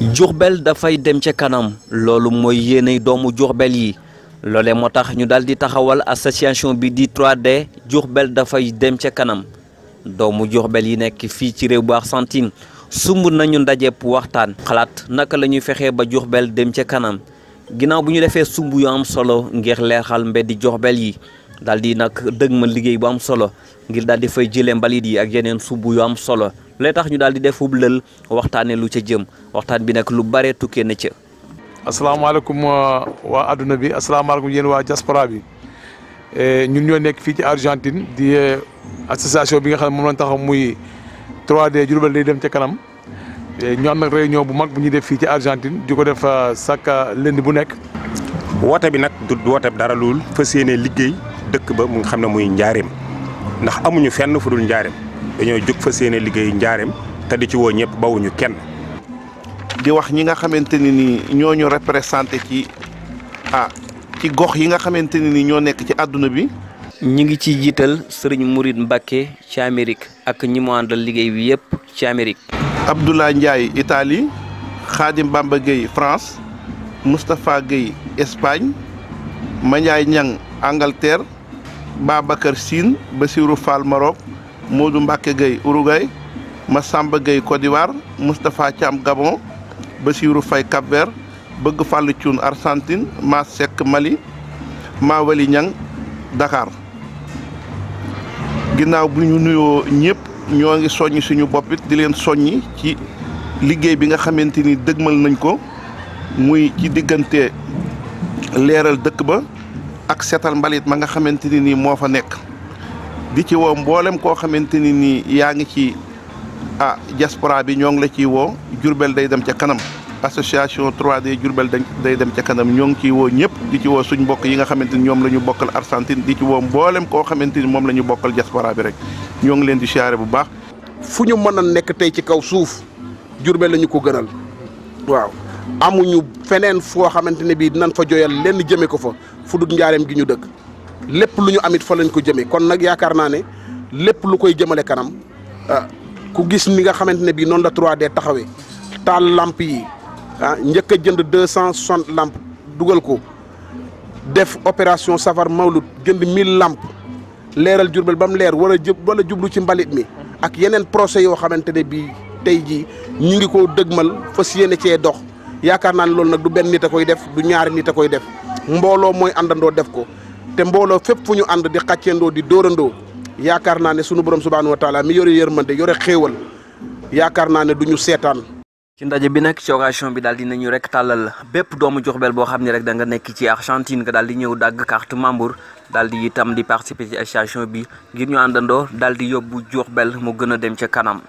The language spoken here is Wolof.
Diourbel dafay dem ca kanam loolu mooy yéeney doomu Diourbel yi loole moo tax ñu daal di taxawal association bi di 3D Diourbel dafay dem ca kanam doomu Diourbel yi nekk fii ci réew bu Argentine sumb nañu ndaje bu waxtaan xalaat naka lañuy fexe fexee ba Diourbel dem ca kanam ginnaaw bu ñu defee sumb yu am solo ngir leeral mbeddi Diourbel yi daal di nag dëgg ma liggéey bu am solo ngir daal di fay jëlee mbalit yi ak yeneen sumb yu am solo lay tax ñu daal di defub lël waxtaane lu ca jëm waxtaan bi nag lu bare tukkee na ca. asalaamaaleykum euh, waa adduna bi asalaamaaleykum yéen waa diaspora bi euh, ñun ñoo nekk fii ci Argentine di euh, association bi nga xam ne moom lañ taxaw muy 3D Diourbel day dem ca kanam ñu am nag réunion bu mag bu ñuy def fii ci Argentine di ko def sàkka lënd bu nekk. woote bi nag du woote dara luul fas yéene liggéey dëkk ba mu xam ne muy njaareem ndax amuñu fenn fu dul njaarim dañoo jóg fa seeni liggéey njaareem te di ci woo ñëpp bawuñu kenn. di wax ñi nga xamante ne ni ñoo ñu représenté ci a ah, ci gox yi nga xamante ne ni ñoo nekk ci àdduna bi. ñi ngi ciy jiital sëriñ Murit Mbacke ci Amérique ak ñi mu liggéey bi yëpp ci Amérique. Abdoulaye Ndiaye Italie Khadim Bamba Gueye France Moustapha Gueye Espagne Mandiaye Niang Angleterre Babacar Sine Bassirou Fall Maroc. Modou Mbacke Gueye Uruguay Massamba Gueye Côte d'Ivoire Moustapha Thiam Gabon Bassirou Faye Cap-Vert Bëgg Fallou Thioune Argentine Ma Seck Mali Ma Wali Niang Dakar ginnaaw bu ñu nuyoo ñëpp ñoo ngi soññ suñu bopp di leen soññi ci liggéey bi nga xamante ni dëgmal nañ ko muy ci diggante leeral dëkk ba ak seetal mbalit ma nga xamante ni nii moo fa nekk di ci woo mboolem koo xamante ni nii yaa ngi ci ah diaspora bi ñoo ngi la ciy woo Jurbel day dem ca kanam association 3D Jurbel day dem ca kanam ñoo ngi ciy woo ñëpp di ci woo suñ mbokk yi nga xamante ni ñoom lañu ñu bokkal Argentine di ci woo mboolem koo xamante ni moom lañu ñu bokkal diaspora bi rek ñoo ngi leen di siyaare bu baax. fu ñu mën a nekk tey ci kaw suuf Jurbel lañu ko gënal waaw amuñu feneen foo xamante ne bii dinañ fa joyal lenn jëme ko fa fu dul gi ñu dëkk. lépp lu ñu amit fa lañ ko jëmee kon nag yaakaar naa ne lépp lu koy jëmale kanam ah, ku gis ni nga xamante ne bii noonu la trois d taxawe taal lamp yi ah njëkk a jënd deux cent soixante lamp dugal ko def opération safar mawlud jënd mil lamp leeral jurbel ba mu leer wala jub wala jublu ci mbalit mi ak yeneen procès yoo xamante ne bii tey jii ñu ngi ko dëgmal fas yéene cee dox yaakaar naa ne loolu nag du benn nit a koy def du ñaari nit a koy def mbooloo mooy àndandoo def ko te mbooloo fépp fu ñu ànd di xàccendoo di dóorandoo yaakaar naa ne sunu borom subhaanahu wa taala mi yore yërmande yore xéewal yaakaar naa ne du ñu seetaan. ci ndaje bi nag ci occasion bi daal di na nañu rek tàllal bépp doomu Diourbel boo xam ne rek da nga nekk ci Argentine nga daal di ñëw dagg carte membre daal di itam di participer ci association bi ngir ñu àndandoo daal di yóbbu Diourbel mu gën a dem ca kanam.